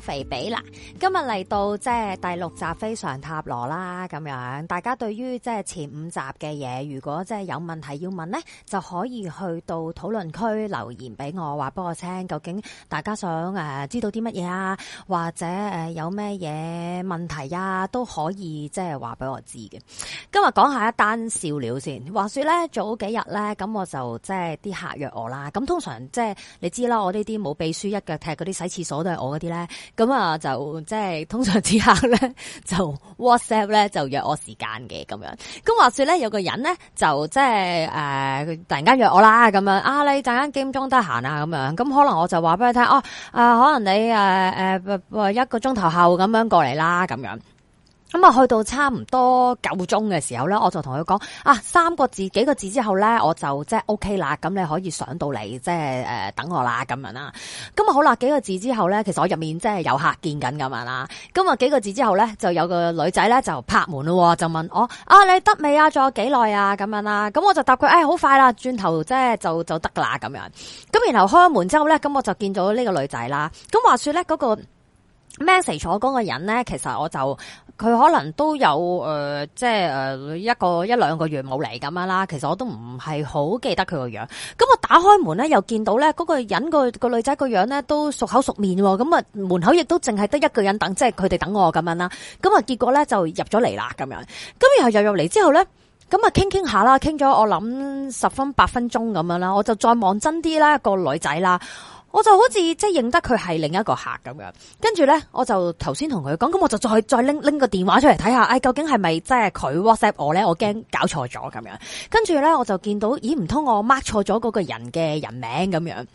肥比啦，今日嚟到即係第六集非常塔羅啦，咁樣大家對於即係前五集嘅嘢，如果即係有問題要問呢，就可以去到討論區留言俾我，話俾我聽究竟大家想誒知道啲乜嘢啊，或者誒有咩嘢問題啊，都可以即係話俾我知嘅。今日講下一單笑料先，話說呢，早幾日呢，咁我就即係啲客約我啦，咁通常即係你知啦，我呢啲冇秘書，一腳踢嗰啲洗廁所都係我嗰啲呢。咁啊，就即係通常之下咧，就 WhatsApp 咧就約我時間嘅咁樣。咁話說咧，有個人咧就即係誒，佢、呃、突然間約我啦咁樣。啊，你陣間幾點鐘得閒啊？咁樣。咁可能我就話俾佢聽，哦，啊、呃，可能你誒誒、呃呃呃，一個鐘頭後咁樣過嚟啦，咁樣。咁啊，去到差唔多九鐘嘅時，時候咧，我就同佢講啊，三個字幾個字之後咧，我就即係 OK 啦，咁你可以上到嚟，即係誒等我啦，咁樣啦。咁啊好啦，幾個字之後咧，其實我入面即係有客見緊咁樣啦。咁啊、呃、幾個字之後咧，就有個女仔咧就拍門咯，就問我啊，你得未啊？仲有幾耐啊？咁樣啦。咁我就答佢，誒、哎，好快啦，轉頭即係就就，就得噶啦咁樣。咁然後開咗門之後咧，咁我就見到呢個女仔啦。咁話說咧，嗰、那個。message 坐嗰個人咧，其實我就佢可能都有誒、呃，即係誒、呃、一個一兩個月冇嚟咁樣啦。其實我都唔係好記得佢個樣。咁我打開門咧，又見到咧嗰個人個、嗰個女仔個樣咧都熟口熟面喎。咁啊，門口亦都淨係得一個人等，即係佢哋等我咁樣啦。咁啊，結果咧就入咗嚟啦咁樣。咁然後又入嚟之後咧，咁啊傾傾下啦，傾咗我諗十分八分鐘咁樣啦，我就再望真啲啦，嗰個女仔啦。我就好似即係認得佢係另一個客咁樣，跟住咧我就頭先同佢講，咁我就再再拎拎個電話出嚟睇下，哎，究竟係咪真係佢 WhatsApp 我咧？我驚搞錯咗咁樣，跟住咧我就見到，咦，唔通我 mark 錯咗嗰個人嘅人名咁樣。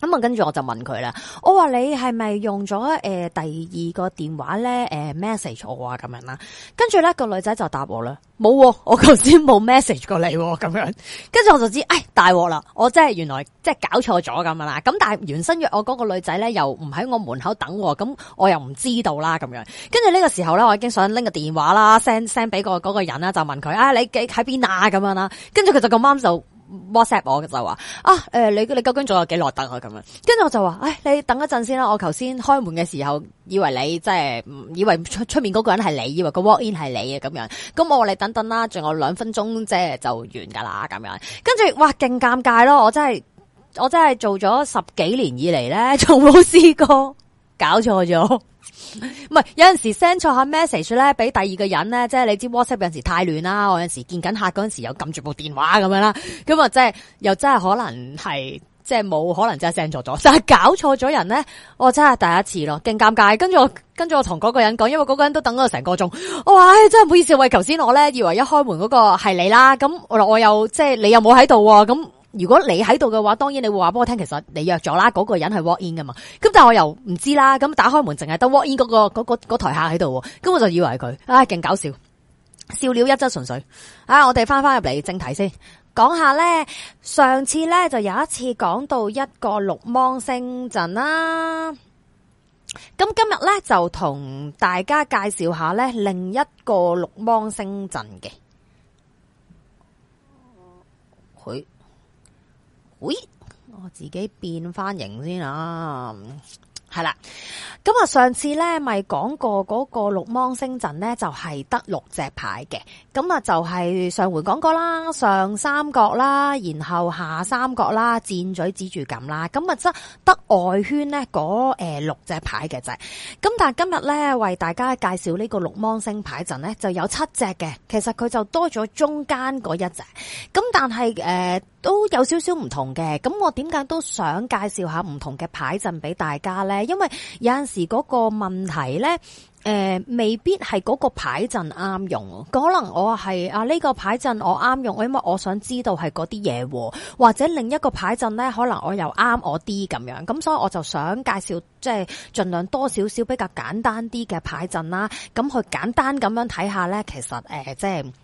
咁啊，跟住我就問佢啦，我話你係咪用咗誒、呃、第二個電話咧？誒、呃、message 我啊，咁樣啦。跟住咧個女仔就答我啦，冇、啊，我頭先冇 message 過你喎、啊，咁樣。跟住我就知，唉、哎，大鑊啦！我真係原來即係搞錯咗咁樣啦。咁但係原身約我嗰個女仔咧，又唔喺我門口等、啊，咁我又唔知道啦，咁樣。跟住呢個時候咧，我已經想拎個電話啦，send send 俾個嗰個人啦，就問佢、哎、啊，你喺邊啊？咁樣啦。跟住佢就咁啱就。WhatsApp 我嘅就話啊，誒、呃，你你究竟仲有幾耐等啊？咁樣，跟住我就話，唉，你等一陣先啦，我頭先開門嘅時候，以為你即係，以為出出面嗰個人係你，以為個 walk in 係你嘅咁樣，咁我話你等等啦，仲有兩分鐘即係就完噶啦，咁樣，跟住哇，勁尷尬咯，我真係，我真係做咗十幾年以嚟咧，仲冇試過搞錯咗。 唔係有陣時 send 錯下 message 咧，俾第二個人咧，即係你知 WhatsApp 有陣時太亂啦，我有陣時見緊客嗰陣時又撳住部電話咁樣啦，咁啊即係又真係可能係即係冇可能真係 send 錯咗，就係搞錯咗人咧，我真係第一次咯，勁尷尬。跟住我，我跟住我同嗰個人講，因為嗰個人都等咗成個鐘，我話唉、哎、真係唔好意思，喂，頭先我咧以為一開門嗰個係你啦，咁我我又即係你又冇喺度咁。如果你喺度嘅話，當然你會話俾我聽，其實你約咗啦，嗰個人係 walk in 嘅嘛。咁但係我又唔知啦。咁打開門淨係得 walk in 嗰個嗰個嗰台客喺度，咁、嗯、我就以為佢，唉，勁搞笑，笑料一則純粹。啊，我哋翻翻入嚟正題先，講下咧，上次咧就有一次講到一個六芒星陣啦。咁今日咧就同大家介紹下咧另一個六芒星陣嘅。喂，我自己變翻型先啊，係啦。咁啊，上次咧咪講過嗰、那個六芒星陣咧，就係、是、得六隻牌嘅。咁啊，就係上回講過啦，上三角啦，然後下三角啦，箭嘴指住咁啦。咁啊，即得外圈咧嗰誒六隻牌嘅啫。咁但係今日咧為大家介紹呢個六芒星牌陣咧，就有七隻嘅。其實佢就多咗中間嗰一隻。咁但係誒。呃都有少少唔同嘅，咁我點解都想介紹下唔同嘅牌陣俾大家呢？因為有陣時嗰個問題呢，誒、呃，未必係嗰個牌陣啱用，可能我係啊呢、這個牌陣我啱用，我因為我想知道係嗰啲嘢，或者另一個牌陣呢，可能我又啱我啲咁樣，咁所以我就想介紹，即係盡量多少少比較簡單啲嘅牌陣啦，咁去簡單咁樣睇下呢，其實誒，即、呃、係。就是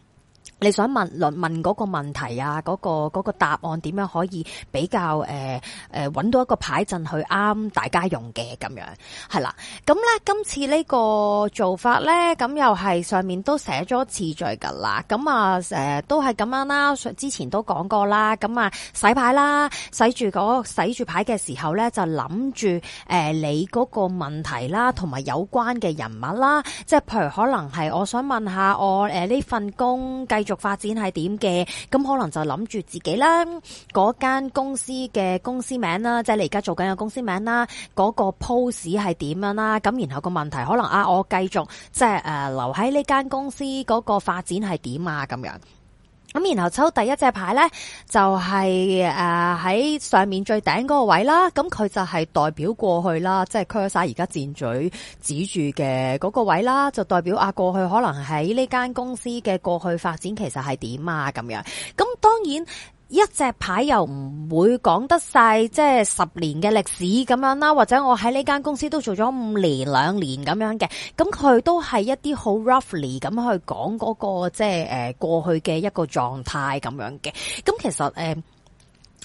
你想問論問個問題啊，嗰個、嗰個答案點樣可以比較誒誒揾到一個牌陣去啱大家用嘅咁樣係啦，咁咧今次呢個做法咧，咁又係上面都寫咗次序噶啦，咁啊誒都係咁樣啦，之前都講過啦，咁啊洗牌啦，洗住嗰、嗰個、洗住牌嘅時候咧就諗住誒你嗰個問題啦，同埋有,有關嘅人物啦，即係譬如可能係我想問下我誒呢、呃、份工繼續。發展係點嘅，咁可能就諗住自己啦，嗰間公司嘅公司名啦，即係你而家做緊嘅公司名啦，嗰個 pose 係點樣啦，咁然後個問題可能啊，我繼續即係誒留喺呢間公司嗰個發展係點啊，咁樣。咁然後抽第一隻牌咧，就係誒喺上面最頂嗰個位啦，咁佢就係代表過去啦，即係 cursor 而家箭嘴指住嘅嗰個位啦，就代表啊過去可能喺呢間公司嘅過去發展其實係點啊咁樣，咁當然。一隻牌又唔會講得晒，即係十年嘅歷史咁樣啦，或者我喺呢間公司都做咗五年、兩年咁樣嘅，咁佢都係一啲好 roughly 咁去講嗰個，即係誒過去嘅一個狀態咁樣嘅，咁其實誒。呃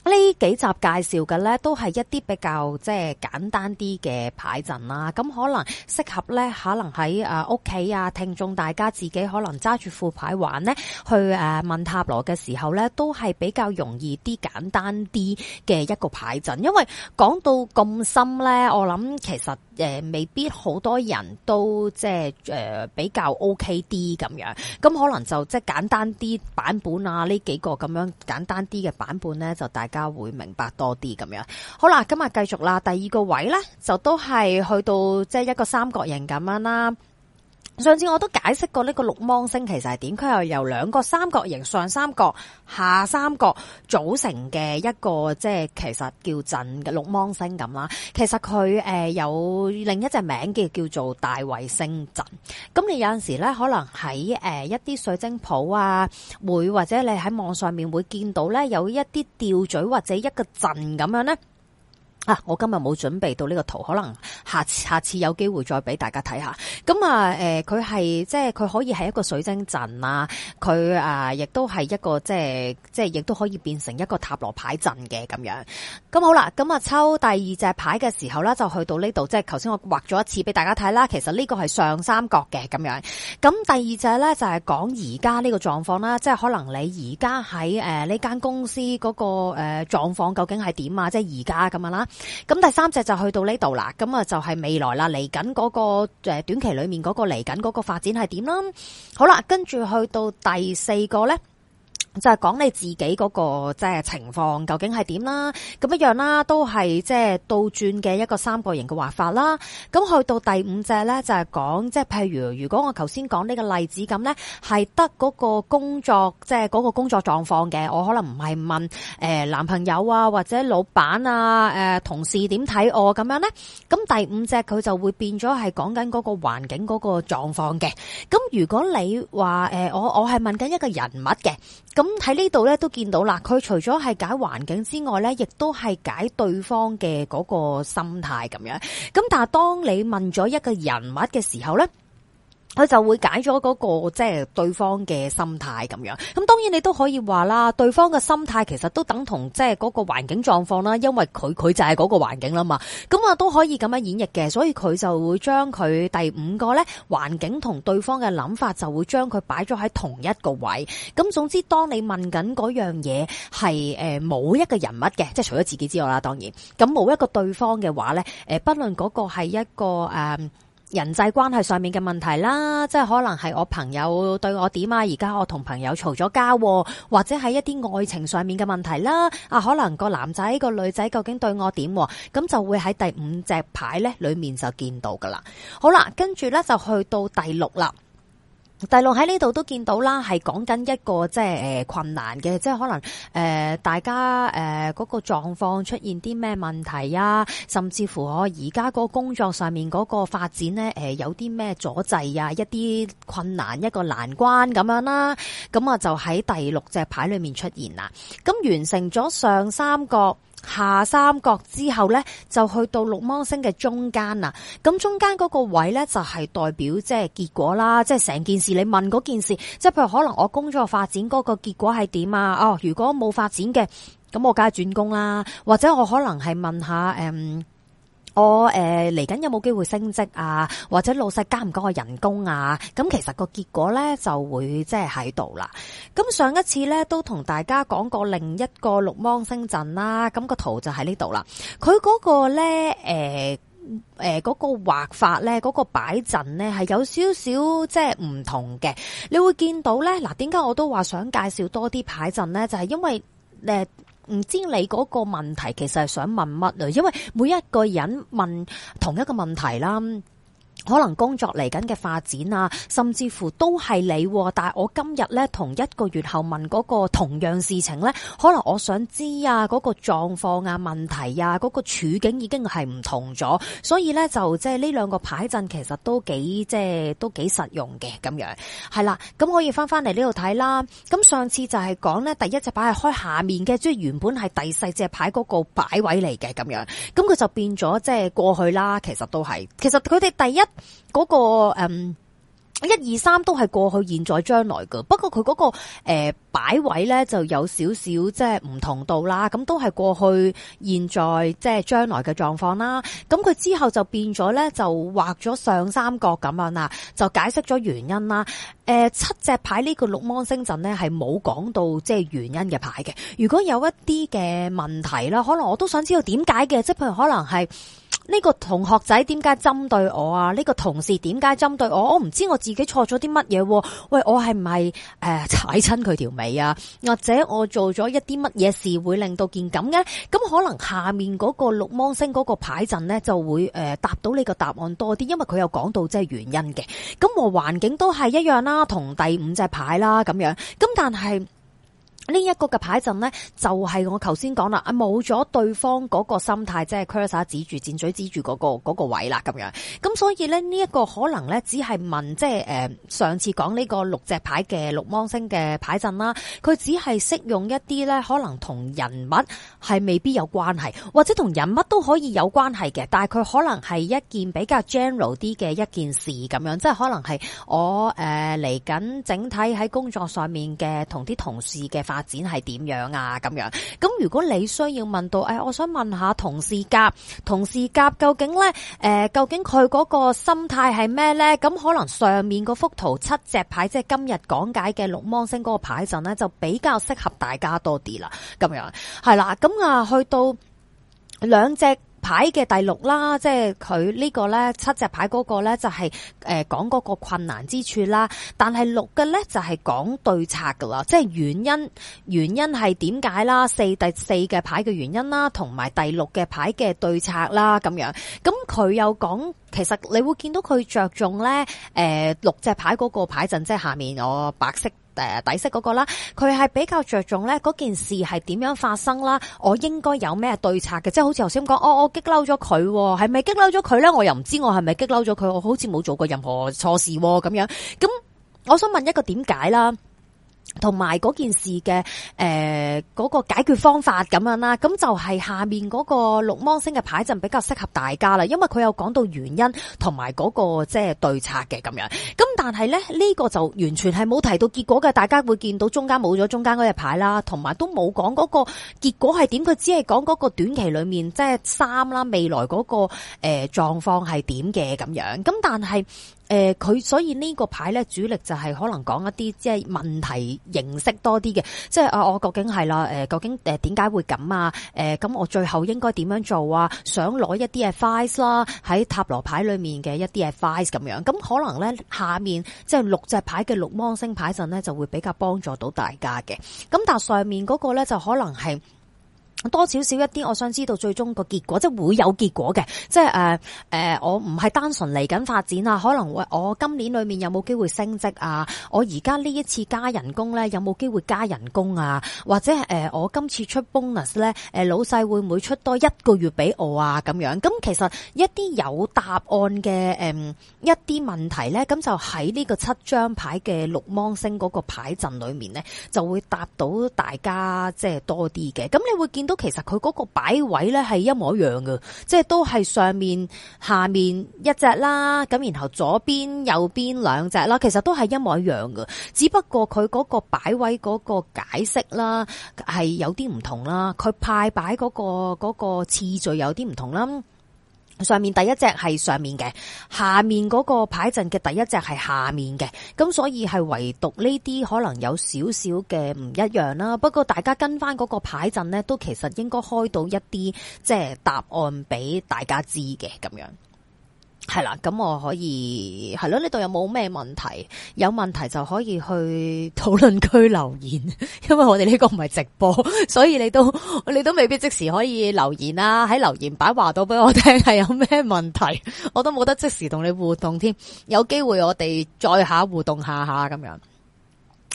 呢幾集介紹嘅咧，都係一啲比較即係簡單啲嘅牌陣啦。咁可能適合咧，可能喺誒屋企啊，聽眾大家自己可能揸住副牌玩咧，去誒、呃、問塔羅嘅時候咧，都係比較容易啲、簡單啲嘅一個牌陣，因為講到咁深咧，我諗其實誒、呃、未必好多人都即係誒、呃、比較 OK 啲咁樣，咁可能就即係簡單啲版本啊，呢幾個咁樣簡單啲嘅版本咧，就大。大家會明白多啲咁樣，好啦，今日繼續啦，第二個位呢，就都係去到即係、就是、一個三角形咁樣啦。上次我都解釋過呢個六芒星其實係點，佢係由兩個三角形上三角、下三角組成嘅一個，即係其實叫陣嘅六芒星咁啦。其實佢誒、呃、有另一隻名叫叫做大衞星陣。咁你有陣時咧，可能喺誒、呃、一啲水晶鋪啊，會或者你喺網上面會見到咧，有一啲吊嘴或者一個陣咁樣咧。啊、我今日冇準備到呢個圖，可能下次下次有機會再俾大家睇下。咁啊，誒、呃，佢係即係佢可以係一個水晶陣啊，佢啊、呃，亦都係一個即係即係亦都可以變成一個塔羅牌陣嘅咁樣。咁好啦，咁、嗯、啊抽第二隻牌嘅時候呢，就去到呢度，即係頭先我畫咗一次俾大家睇啦。其實呢個係上三角嘅咁樣。咁第二隻呢，就係講而家呢個狀況啦，即係可能你而、呃、家喺誒呢間公司嗰、嗰個誒狀況究竟係點啊？即係而家咁樣啦。咁第三隻就去到呢度啦，咁啊就係未來啦，嚟緊嗰個誒短期裏面嗰個嚟緊嗰個發展係點啦，好啦，跟住去到第四個咧。就係講你自己嗰個即係情況究竟係點啦，咁一樣啦，都係即係倒轉嘅一個三角形嘅畫法啦。咁去到第五隻呢，就係講即係譬如，如果我頭先講呢個例子咁呢，係得嗰個工作即係嗰個工作狀況嘅，我可能唔係問誒、呃、男朋友啊或者老闆啊誒、呃、同事點睇我咁樣呢。咁第五隻佢就會變咗係講緊嗰個環境嗰個狀況嘅。咁如果你話誒、呃、我我係問緊一個人物嘅。咁喺呢度咧都見到啦，佢除咗係解環境之外咧，亦都係解對方嘅嗰個心態咁樣。咁但係當你問咗一個人物嘅時候咧，佢就會解咗嗰個即係對方嘅心態咁樣。咁當然你都可以話啦，對方嘅心態其實都等同即係嗰個環境狀況啦，因為佢佢就係嗰個環境啦嘛。咁啊都可以咁樣演繹嘅，所以佢就會將佢第五個呢環境同對方嘅諗法就會將佢擺咗喺同一個位。咁總之，當你問緊嗰樣嘢係誒冇一個人物嘅，即係除咗自己之外啦，當然咁冇一個對方嘅話呢，誒、呃、不論嗰個係一個誒。呃人際關係上面嘅問題啦，即係可能係我朋友對我點啊，而家我同朋友嘈咗交，或者係一啲愛情上面嘅問題啦。啊，可能個男仔個女仔究竟對我點，咁就會喺第五隻牌呢裏面就見到噶啦。好啦，跟住呢就去到第六啦。第六喺呢度都見到啦，係講緊一個即係誒困難嘅，即係可能誒、呃、大家誒嗰、呃這個狀況出現啲咩問題啊，甚至乎我而家個工作上面嗰個發展呢，誒、呃、有啲咩阻滯啊，一啲困難一個難關咁樣啦，咁啊就喺第六隻牌裏面出現啦。咁完成咗上三角。下三角之後呢，就去到六芒星嘅中間啦。咁中間嗰個位呢，就係代表即係結果啦。即係成件事你問嗰件事，即係譬如可能我工作發展嗰個結果係點啊？哦，如果冇發展嘅，咁我梗係轉工啦。或者我可能係問下誒。嗯我誒嚟緊有冇機會升職啊？或者老細加唔加我人工啊？咁其實個結果咧就會即係喺度啦。咁上一次咧都同大家講過另一個六芒星陣啦、啊。咁、個圖就喺呢度啦。佢、欸、嗰、呃嗰個咧誒誒嗰個畫法咧，嗰個擺陣咧係有少少即係唔同嘅。你會見到咧嗱，點解我都話想介紹多啲牌陣咧？就係、是、因為誒。欸唔知你嗰個問題其實係想問乜啊？因為每一個人問同一個問題啦。可能工作嚟緊嘅發展啊，甚至乎都係你喎，但係我今日咧，同一個月後問嗰個同樣事情咧，可能我想知啊，嗰個狀況啊、問題啊、嗰個處境已經係唔同咗，所以咧就即係呢兩個牌陣其實都幾即係都幾實用嘅咁樣。係啦，咁可以翻翻嚟呢度睇啦。咁上次就係講咧，第一隻牌係開下面嘅，即係原本係第四隻牌嗰個擺位嚟嘅咁樣，咁佢就變咗即係過去啦，其實都係，其實佢哋第一。嗰個，嗯，一二三都係過去、現在、將來嘅，不過佢嗰個誒擺位咧就有少少即係唔同度啦，咁都係過去、現在即係將來嘅狀況啦。咁佢之後就變咗咧，就畫咗上三角咁樣啦，就解釋咗原因啦。誒、呃，七隻牌呢個六芒星陣咧係冇講到即係原因嘅牌嘅。如果有一啲嘅問題啦，可能我都想知道點解嘅，即係譬如可能係。呢個同學仔點解針對我啊？呢、呢個同事，點解針對我？我唔知我自己錯咗啲乜嘢？喂，我係唔係誒踩親佢條尾啊？或者我做咗一啲乜嘢事會令到件咁嘅？咁、嗯、可能下面嗰個六芒星嗰個牌陣呢，就會誒、呃、答到你個答案多啲，因為佢有講到即係原因嘅。咁、嗯、和環境都係一樣啦，同第五隻牌啦咁樣。咁但係。呢一個嘅牌陣咧，就係我頭先講啦，啊冇咗對方個心態即係 cursor 指住箭嘴指住個個位啦，咁樣咁所以咧，呢一個可能咧，只係問即係誒上次講呢個六隻牌嘅六芒星嘅牌陣啦，佢只係適用一啲咧，可能同人物係未必有關係或者同人物都可以有關係嘅，但係佢可能係一件比較 general 啲嘅一件事咁樣即係可能係我誒嚟緊整體喺工作上面嘅同啲同事嘅發展係點樣啊？咁樣咁，如果你需要問到，誒，我想問下同事甲，同事甲究竟呢？誒、呃，究竟佢嗰個心態係咩呢？咁可能上面嗰幅圖七隻牌，即係今日講解嘅六芒星嗰個牌陣呢，就比較適合大家多啲啦。咁樣係啦，咁啊，去到兩隻。牌嘅第六啦，即係佢呢個咧七隻牌嗰個咧就係誒講嗰個困難之處啦，但係六嘅咧就係講對策噶啦，即係原因原因係點解啦？四第四嘅牌嘅原因啦，同埋第六嘅牌嘅對策啦咁樣，咁佢又講其實你會見到佢着重咧誒、呃、六隻牌嗰個牌陣，即係下面我白色。誒、呃，底色嗰個啦，佢係比較着重咧嗰件事係點樣發生啦，我應該有咩對策嘅，即係好似頭先咁講，我我激嬲咗佢，係咪激嬲咗佢咧？我又唔知我係咪激嬲咗佢，我好似冇做過任何錯事咁、啊、樣，咁我想問一個點解啦？同埋嗰件事嘅誒，嗰、呃嗰個解決方法咁樣啦，咁就係下面嗰個六芒星嘅牌陣比較適合大家啦，因為佢有講到原因同埋嗰個即係、就是、對策嘅咁樣。咁但係咧呢、呢個就完全係冇提到結果嘅，大家會見到中間冇咗中間嗰隻牌啦，同埋都冇講嗰個結果係點，佢只係講嗰個短期裏面即係三啦未來嗰、嗰個誒狀況係點嘅咁樣。咁但係。誒，佢、呃、所以呢個牌咧，主力就係可能講一啲即係問題形式多啲嘅，即係啊，我究竟係啦，誒、呃，究竟誒點解會咁啊？誒、呃，咁我最後應該點樣做啊？想攞一啲嘅 Advice 啦，喺塔羅牌裏面嘅一啲嘅 Advice 咁樣，咁可能咧下面即係六隻牌嘅六芒星牌陣咧，就會比較幫助到大家嘅。咁但係上面嗰個咧，就可能係。多少少一啲，我想知道最終個結果，即係會有結果嘅，即係誒誒，我唔係單純嚟緊發展啊，可能會我今年裏面有冇機會升職啊？我而家呢一次加人工咧，有冇機會加人工啊？或者係誒、呃、我今次出 bonus 咧？誒老細會唔會出多一個月俾我啊？咁樣咁其實一啲有答案嘅誒、呃、一啲問題咧，咁就喺呢個七張牌嘅六芒星嗰個牌陣裏面咧，就會答到大家即係多啲嘅。咁你會見到。都其實佢嗰個擺位咧，係一模一樣嘅，即係都係上面，下面一隻啦，咁然後左邊，右邊兩隻啦，其實都係一模一樣嘅，只不過佢嗰個擺位嗰個解釋啦係有啲唔同啦，佢派擺嗰個嗰個次序有啲唔同啦。上面第一隻係上面嘅，下面嗰個牌陣嘅第一隻係下面嘅，咁所以係唯獨呢啲可能有少少嘅唔一樣啦。不過大家跟翻嗰個牌陣呢，都其實應該開到一啲即係答案俾大家知嘅咁樣。係啦，咁我可以係咯，呢度有冇咩問題？有問題就可以去討論區留言，因為我哋呢個唔係直播，所以你都你都未必即時可以留言啦，啊，喺留言板話到俾我聽係有咩問題，我都冇得即時同你互動添，有機會我哋再下互動下下咁樣。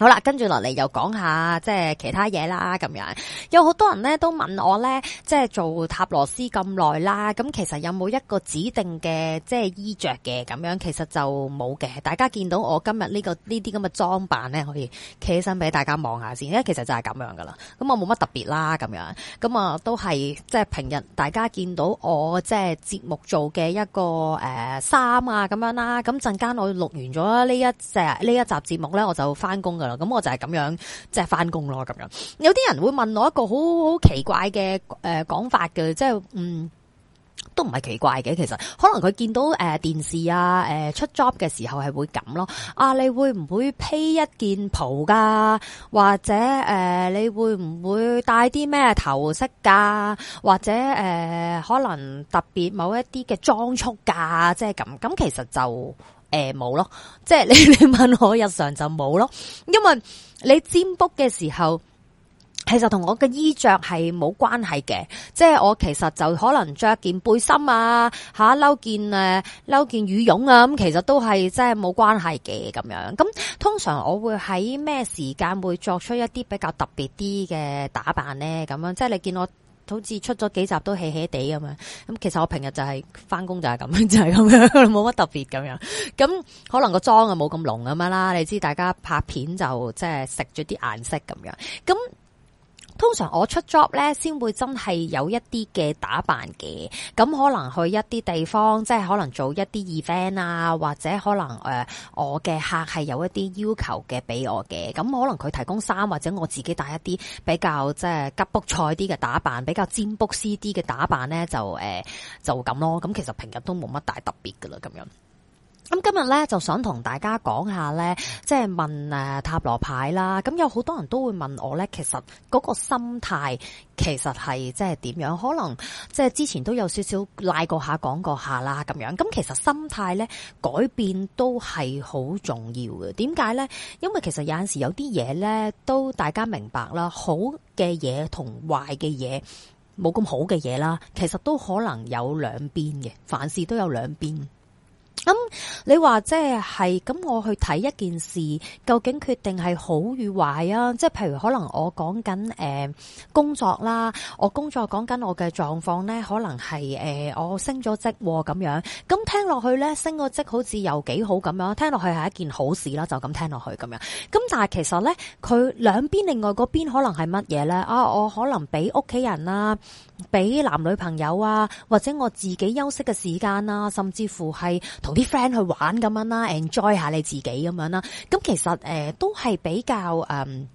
好啦，跟住落嚟又講下即係其他嘢啦，咁樣有好多人咧都問我咧，即係做塔羅斯咁耐啦，咁其實有冇一個指定嘅即係衣着嘅咁樣？其實就冇嘅。大家見到我今日、這個、呢個呢啲咁嘅裝扮咧，可以企起身俾大家望下先。因為其實就係咁樣噶啦，咁我冇乜特別啦，咁樣咁啊，都係即係平日大家見到我即係節目做嘅一個誒衫、呃、啊咁樣啦。咁陣間我錄完咗呢一隻呢一集節目咧，我就翻工。咁我就係咁樣即係翻工咯，咁、就是、樣有啲人會問我一個好好奇怪嘅誒講法嘅，即係嗯都唔係奇怪嘅，其實可能佢見到誒、呃、電視啊誒、呃、出 job 嘅時候係會咁咯啊，你會唔會披一件袍噶？或者誒、呃，你會唔會戴啲咩頭飾噶？或者誒、呃，可能特別某一啲嘅裝束噶，即係咁咁，其實就。誒，冇、呃、咯，即係你你問我日常就冇咯，因為你占卜嘅時候，其實同我嘅衣着係冇關係嘅，即係我其實就可能着一件背心啊，吓、啊、褸件誒褸件羽絨啊，咁其實都係即係冇關係嘅咁樣。咁通常我會喺咩時間會作出一啲比較特別啲嘅打扮呢？咁樣即係你見我。好似出咗幾集都 hea hea 地咁啊！咁其實我平日就係返工就係咁，就係咁樣，冇乜特別咁樣。咁可能個妝啊冇咁濃咁樣啦。你知大家拍片就即係食咗啲顏色咁樣。咁通常我出 job 咧，先會真係有一啲嘅打扮嘅，咁可能去一啲地方，即係可能做一啲 event 啊，或者可能誒、呃，我嘅客係有一啲要求嘅俾我嘅，咁可能佢提供衫或者我自己帶一啲比較即係吉卜賽啲嘅打扮，比較占卜師啲嘅打扮咧，就誒、呃、就咁咯。咁其實平日都冇乜大特別噶啦，咁樣。咁今日咧，就想同大家講下咧，即係問誒塔羅牌啦。咁有好多人都會問我咧，其實嗰個心態其實係即係點樣？可能即係之前都有少少拉過下、講過下啦咁樣。咁其實心態咧，改變都係好重要嘅。點解咧？因為其實有陣時有啲嘢咧，都大家明白啦。好嘅嘢同壞嘅嘢，冇咁好嘅嘢啦，其實都可能有兩邊嘅。凡事都有兩邊。咁、嗯、你話即係，咁、嗯、我去睇一件事，究竟決定係好與壞啊？即係譬如可能我講緊誒工作啦，我工作講緊我嘅狀況呢，可能係誒、呃、我升咗職咁樣。咁聽落去呢，升個職好似又幾好咁樣，聽落去係一件好事啦，就咁聽落去咁樣。咁但係其實呢，佢兩邊另外嗰邊可能係乜嘢呢？啊，我可能俾屋企人啦、啊，俾男女朋友啊，或者我自己休息嘅時間啦、啊，甚至乎係。同啲 friend 去玩咁樣啦，enjoy 下你自己咁樣啦。咁其實誒、呃、都係比較誒呢、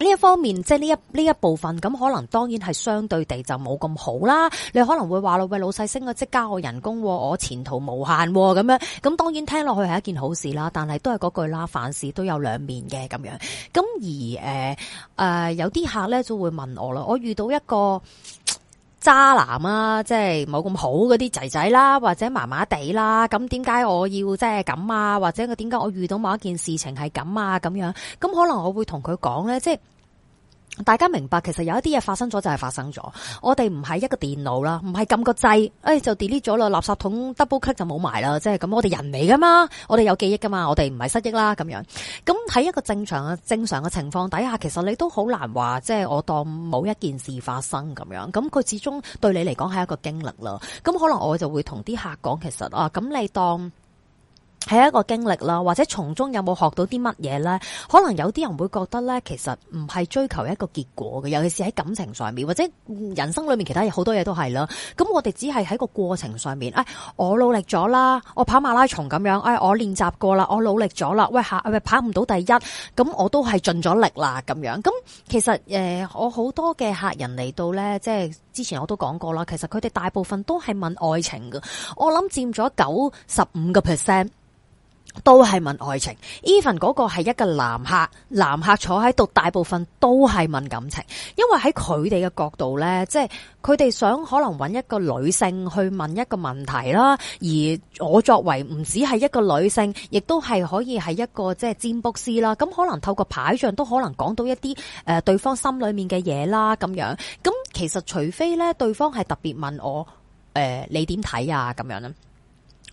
呃、一方面，即係呢一呢一部分咁，可能當然係相對地就冇咁好啦。你可能會話喂，老細升個職加我人工，我前途無限咁樣。咁當然聽落去係一件好事啦，但係都係嗰句啦，凡事都有兩面嘅咁樣。咁而誒誒、呃呃、有啲客咧就會問我咯，我遇到一個。渣男啊，即係冇咁好嗰啲仔仔啦，或者麻麻地啦，咁點解我要即係咁啊？或者點解我遇到某一件事情係咁啊？咁樣，咁可能我會同佢講咧，即係。大家明白，其實有一啲嘢發生咗就係發生咗。我哋唔係一個電腦啦，唔係撳個掣，誒、哎、就 delete 咗啦，垃圾桶 double click 就冇埋啦，即係咁。我哋人嚟噶嘛，我哋有記憶噶嘛，我哋唔係失憶啦。咁樣咁喺一個正常嘅正常嘅情況底下，其實你都好難話，即係我當冇一件事發生咁樣。咁佢始終對你嚟講係一個經歷啦。咁可能我就會同啲客講，其實啊，咁你當。係一個經歷啦，或者從中有冇學到啲乜嘢咧？可能有啲人會覺得咧，其實唔係追求一個結果嘅，尤其是喺感情上面，或者人生裏面其他嘢，好多嘢都係啦。咁我哋只係喺個過程上面，誒、哎，我努力咗啦，我跑馬拉松咁樣，誒、哎，我練習過啦，我努力咗啦，喂，吓，喂，跑唔到第一，咁我都係盡咗力啦，咁樣。咁其實誒、呃，我好多嘅客人嚟到咧，即係之前我都講過啦，其實佢哋大部分都係問愛情嘅，我諗佔咗九十五個 percent。都係問愛情，even 嗰個係一個男客，男客坐喺度，大部分都係問感情，因為喺佢哋嘅角度呢，即係佢哋想可能揾一個女性去問一個問題啦。而我作為唔只係一個女性，亦都係可以係一個即係占卜師啦。咁可能透過牌象都可能講到一啲誒、呃、對方心裏面嘅嘢啦，咁樣。咁其實除非呢對方係特別問我誒、呃，你點睇啊？咁樣咧。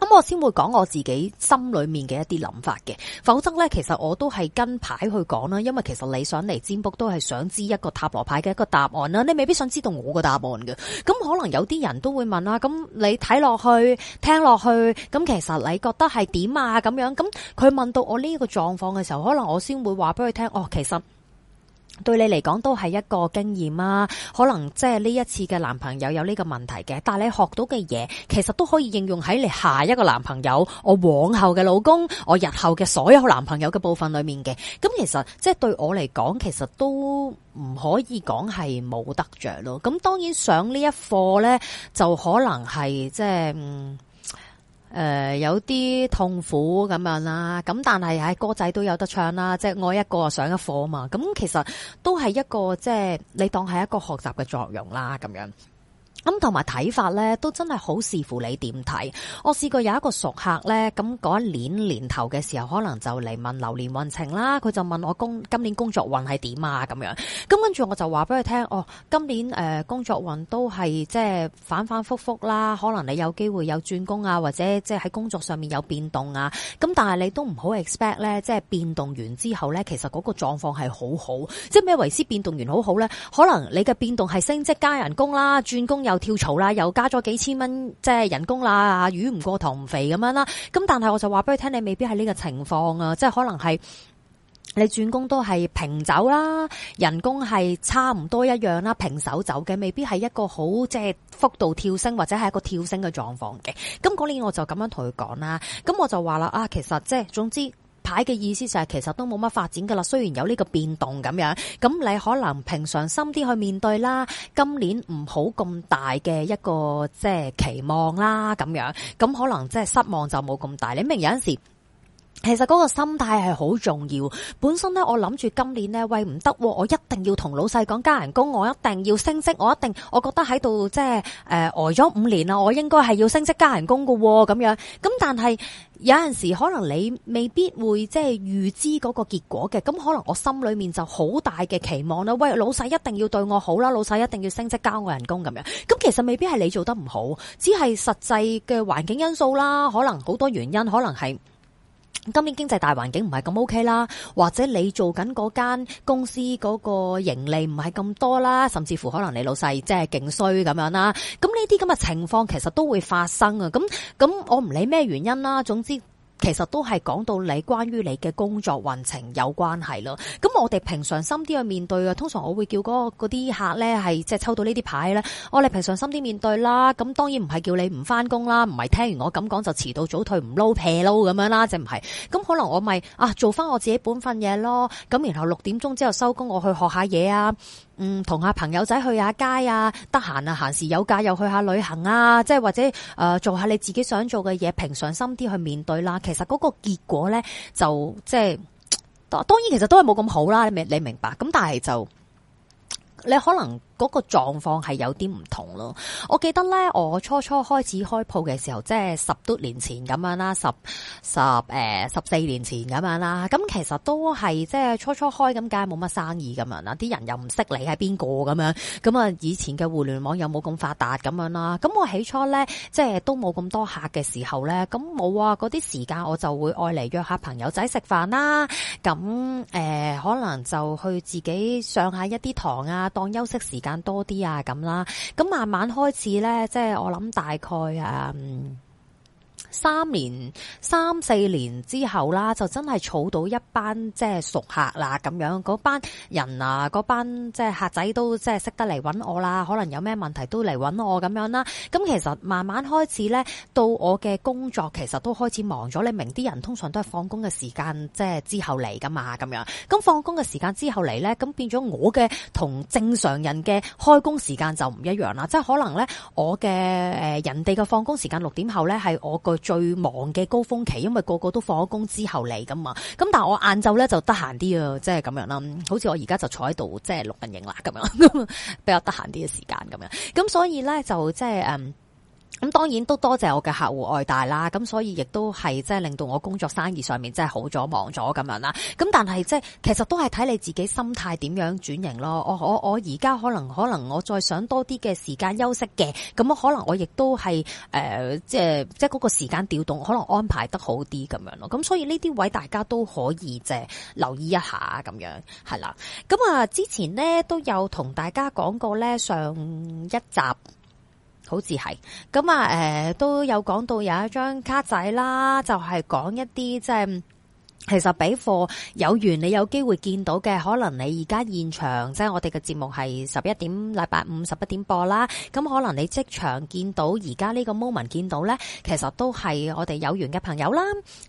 咁、嗯、我先會講我自己心裏面嘅一啲諗法嘅，否則呢，其實我都係跟牌去講啦，因為其實你想嚟占卜都係想知一個塔羅牌嘅一個答案啦，你未必想知道我個答案嘅。咁、嗯、可能有啲人都會問啊，咁、嗯、你睇落去聽落去，咁、嗯、其實你覺得係點啊？咁樣，咁、嗯、佢問到我呢個狀況嘅時候，可能我先會話俾佢聽，哦，其實。對你嚟講都係一個經驗啊，可能即係呢一次嘅男朋友有呢個問題嘅，但係你學到嘅嘢其實都可以應用喺你下一個男朋友、我往後嘅老公、我日後嘅所有男朋友嘅部分裏面嘅。咁其實即係對我嚟講，其實都唔可以講係冇得着咯。咁當然上呢一課呢，就可能係即係。嗯誒、呃、有啲痛苦咁樣啦，咁但係誒、哎、歌仔都有得唱啦，即係我一個上一課啊嘛，咁其實都係一個即係你當係一個學習嘅作用啦，咁樣。咁同埋睇法咧，都真係好視乎你點睇。我試過有一個熟客咧，咁嗰一年年頭嘅時候，可能就嚟問流年運程啦。佢就問我工今年工作運係點啊？咁樣，咁跟住我就話俾佢聽哦，今年誒、呃、工作運都係即係反反复复啦。可能你有機會有轉工啊，或者即係喺工作上面有變動啊。咁但係你都唔好 expect 咧，即係變動完之後咧，其實嗰個狀況係好好。即係咩為之變動完好好咧？可能你嘅變動係升職加人工啦，轉工又跳槽啦，又加咗幾千蚊，即係人工啦，魚唔過塘唔肥咁樣啦。咁但係我就話俾佢聽，你未必係呢個情況啊，即係可能係你轉工都係平走啦，人工係差唔多一樣啦，平手走嘅，未必係一個好即係幅度跳升或者係一個跳升嘅狀況嘅。咁嗰年我就咁樣同佢講啦。咁我就話啦，啊，其實即係總之。解嘅意思就係其實都冇乜發展噶啦，雖然有呢個變動咁樣，咁你可能平常心啲去面對啦。今年唔好咁大嘅一個即係期望啦，咁樣咁可能即係失望就冇咁大。你明有陣時。其實嗰個心態係好重要。本身咧，我諗住今年呢，喂，唔得，我一定要同老細講加人工，我一定要升職，我一定我覺得喺度即係誒呆咗五年啦，我應該係要升職加人工噶咁樣。咁但係有陣時可能你未必會即係預知嗰個結果嘅，咁可能我心裏面就好大嘅期望啦。喂，老細一定要對我好啦，老細一定要升職加我人工咁樣。咁其實未必係你做得唔好，只係實際嘅環境因素啦，可能好多原因，可能係。今年經濟大環境唔係咁 OK 啦，或者你做緊嗰間公司嗰個盈利唔係咁多啦，甚至乎可能你老細即係勁衰咁樣啦，咁呢啲咁嘅情況其實都會發生啊！咁咁我唔理咩原因啦，總之。其實都係講到你關於你嘅工作運程有關係咯。咁我哋平常心啲去面對啊。通常我會叫嗰個啲客呢，係即係抽到呢啲牌咧，我哋平常心啲面對啦。咁當然唔係叫你唔翻工啦，唔係聽完我咁講就遲到早退唔撈皮撈咁樣啦，就唔係？咁可能我咪啊做翻我自己本份嘢咯。咁然後六點鐘之後收工，我去學下嘢啊。嗯，同下朋友仔去下街啊，得閒啊，閒時有假又去下旅行啊，即係或者誒、呃，做下你自己想做嘅嘢，平常心啲去面對啦。其實個結果咧，就即係當然，其實都係冇咁好啦。你明，你明白？咁但係就你可能。嗰個狀況係有啲唔同咯。我記得咧，我初初開始開鋪嘅時候，即係十多年前咁樣啦，十、十、誒、欸、十四年前咁樣啦。咁其實都係即係初初開咁，梗係冇乜生意咁樣啦。啲人又唔識你係邊個咁樣咁啊，以前嘅互聯網又冇咁發達咁樣啦。咁我起初咧，即係都冇咁多客嘅時候咧，咁冇啊。嗰啲時間我就會愛嚟約下朋友仔食飯啦。咁誒、欸、可能就去自己上一下一啲堂啊，當休息時間。多啲啊，咁啦，咁慢慢開始咧，即係我諗大概啊。嗯三年三四年之後啦，就真係儲到一班即係熟客啦咁樣，嗰班人啊，嗰班即係客仔都即係識得嚟揾我啦。可能有咩問題都嚟揾我咁樣啦。咁其實慢慢開始咧，到我嘅工作其實都開始忙咗。你明啲人通常都係放工嘅時間即係之後嚟噶嘛咁樣，咁放工嘅時間之後嚟咧，咁變咗我嘅同正常人嘅開工時間就唔一樣啦。即係可能咧，呃、我嘅誒人哋嘅放工時間六點後咧，係我個最忙嘅高峰期，因為個個都放咗工之後嚟噶嘛，咁但係我晏晝咧就得閒啲啊，即係咁樣啦，好似我而家就坐喺度即係錄緊影啦咁樣， 比較得閒啲嘅時間咁樣，咁所以咧就即、就、係、是、嗯。咁當然都多謝我嘅客戶愛戴啦，咁所以亦都係即係令到我工作生意上面真係好咗忙咗咁樣啦。咁但係即係其實都係睇你自己心態點樣轉型咯。我我我而家可能可能我再想多啲嘅時間休息嘅，咁可能我亦都係誒即係即係嗰個時間調動，可能安排得好啲咁樣咯。咁所以呢啲位大家都可以即係留意一下咁樣，係啦。咁啊之前呢都有同大家講過咧上一集。好似係咁啊！誒、呃、都有講到有一張卡仔啦，就係、是、講一啲即係，就是其實俾貨有緣你有機會見到嘅，可能你而家現場即係我哋嘅節目係十一點禮拜五十一點播啦。咁可能你即場見到而家呢個 moment 見到咧，其實都係我哋有緣嘅朋友啦。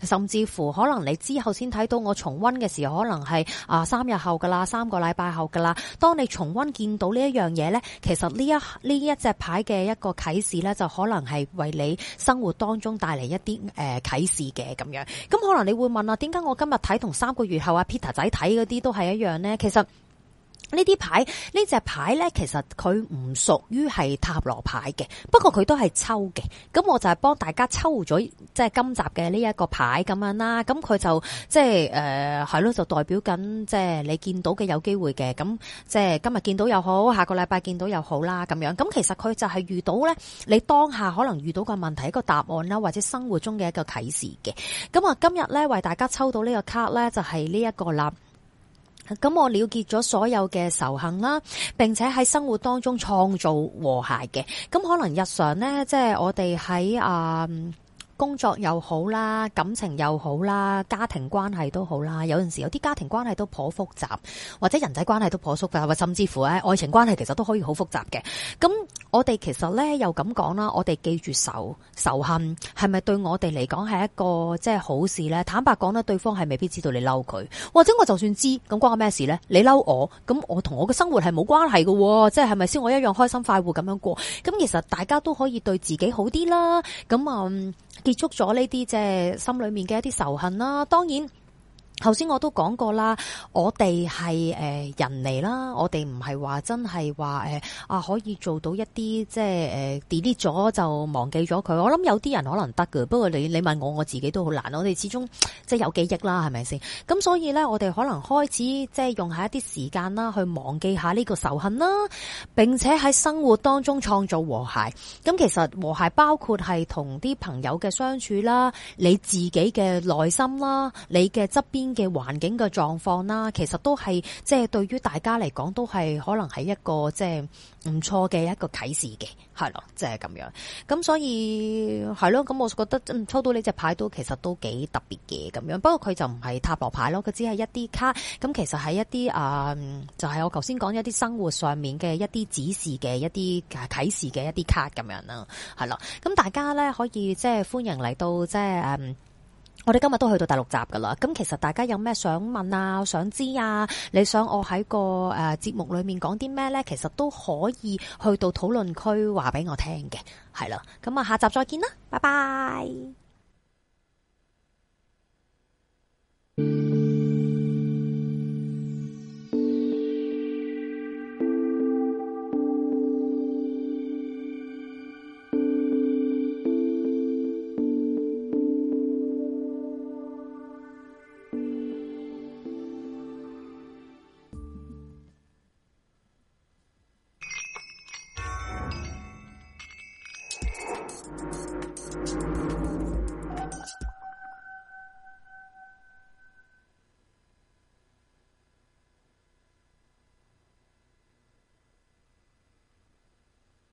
甚至乎可能你之後先睇到我重温嘅時候，可能係啊三日後噶啦，三個禮拜後噶啦。當你重温見到呢一樣嘢咧，其實呢一呢一隻牌嘅一個啟示咧，就可能係為你生活當中帶嚟一啲誒啟示嘅咁樣。咁可能你會問啊，點解？我今日睇同三個月後阿 Peter 仔睇嗰啲都係一樣咧，其實。呢啲牌，呢隻牌呢，其實佢唔屬於係塔羅牌嘅，不過佢都係抽嘅。咁我就係幫大家抽咗，即係今集嘅呢一個牌咁樣啦。咁佢就即係誒，係咯，就代表緊，即係你見到嘅有機會嘅。咁即係今日見到又好，下個禮拜見到又好啦。咁樣，咁其實佢就係遇到呢，你當下可能遇到個問題，一個答案啦，或者生活中嘅一個啟示嘅。咁啊，今日呢，為大家抽到呢個卡呢，就係呢一個啦。咁、嗯、我了結咗所有嘅仇恨啦，並且喺生活當中創造和諧嘅。咁、嗯、可能日常咧，即係我哋喺啊。嗯工作又好啦，感情又好啦，家庭關係都好啦。有陣時有啲家庭關係都頗複雜，或者人際關係都頗複雜，甚至乎咧，愛情關係其實都可以好複雜嘅。咁我哋其實咧又咁講啦，我哋記住仇仇恨係咪對我哋嚟講係一個即係好事咧？坦白講咧，對方係未必知道你嬲佢，或者我就算知，咁關我咩事咧？你嬲我，咁我同我嘅生活係冇關係嘅，即係係咪先？我一樣開心快活咁樣過。咁其實大家都可以對自己好啲啦。咁啊～、嗯結束咗，呢啲即係心裏面嘅一啲仇恨啦，當然。頭先我都講過啦，我哋係誒人嚟啦，我哋唔係話真係話誒啊可以做到一啲即係誒 delete 咗就忘記咗佢。我諗有啲人可能得嘅，不過你你問我我自己都好難，我哋始終即係有記憶啦，係咪先？咁所以咧，我哋可能開始即係用下一啲時間啦，去忘記下呢個仇恨啦，並且喺生活當中創造和諧。咁其實和諧包括係同啲朋友嘅相處啦，你自己嘅內心啦，你嘅側邊，嘅環境嘅狀況啦，其實都係即係對於大家嚟講，都係可能係一個即係唔錯嘅一個啟示嘅，係咯，即係咁樣。咁所以係咯，咁我覺得、嗯、抽到呢隻牌都其實都幾特別嘅咁樣。不過佢就唔係塔羅牌咯，佢只係一啲卡。咁其實係一啲啊、嗯，就係、是、我頭先講一啲生活上面嘅一啲指示嘅一啲誒啟示嘅一啲卡咁樣啦，係咯。咁大家咧可以即係歡迎嚟到即係誒。嗯我哋今日都去到第六集噶啦，咁其實大家有咩想問啊、想知啊，你想我喺個誒節目裡面講啲咩呢？其實都可以去到討論區話俾我聽嘅，係啦，咁啊下集再見啦，拜拜。